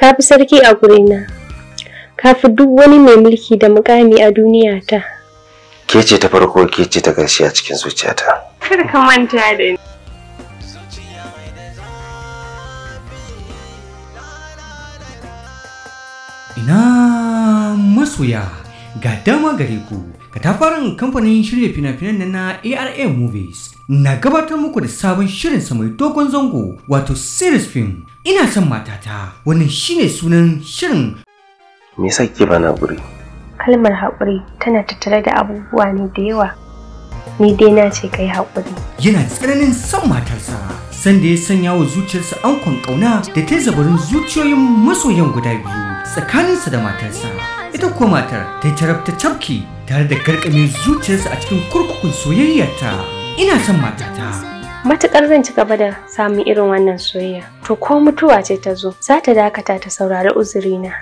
ka fi sarki a gurina ka fi duk wani mai mulki da mukami a duniya ta ke ce ta farko ke ce ta gashi a cikin zuciyata kar ka manta da ni ina masoya ga dama gare ku ka tafarin kamfanin shirya fina-finan na ARA Movies na gabatar muku da sabon shirin sa mai dogon zango wato series film ina son matata wannan shine sunan shirin me yasa kike bana guri kalmar haƙuri tana tattare da abubuwa ne da yawa ni dai na ce kai haƙuri yana tsananin son matarsa sanda ya sanya wa zuciyarsa ankon ƙauna da ta zabarin zuciyoyin masoyan guda biyu tsakaninsa da matarsa ita kuwa matar ta yi tarabta tare da garkame zuciyarsa a cikin kurkukun soyayyarta ina son matata. Matuƙar zan ci gaba da samun irin wannan soyayya. To ko mutuwa ce ta zo, za ta dakata ta saurari uzurina.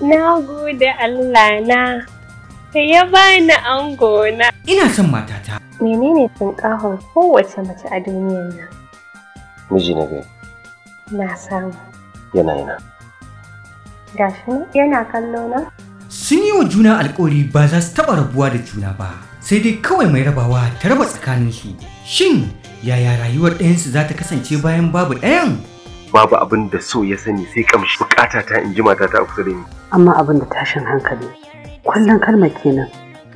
Na gode Allah na, ya bani angona. Ina son matata. menene tunƙahon kowace mace a duniyar nan? Miji na gari. Na samu. Yana yana. Gashi yana kallo na? Sun yi wa juna alƙawari ba za su taɓa rabuwa da juna ba, sai dai kawai mai rabawa ta raba tsakaninsu. Shin yaya rayuwar ɗayansu za ta kasance bayan babu ɗayan? Babu abin da so ya sani sai kamshi bukata ta in ji matata a kusa da ni. Amma abin da tashin hankali, kullum kalmar kenan.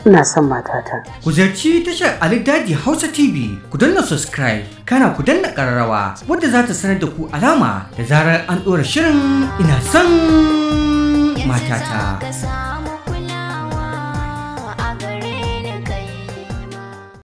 ina son matata. Ku ziyarci tashar Ali Daji Hausa TV, ku danna subscribe, kana ku danna ƙararrawa wadda za ta sanar da ku alama da zarar an ɗora shirin ina son matata.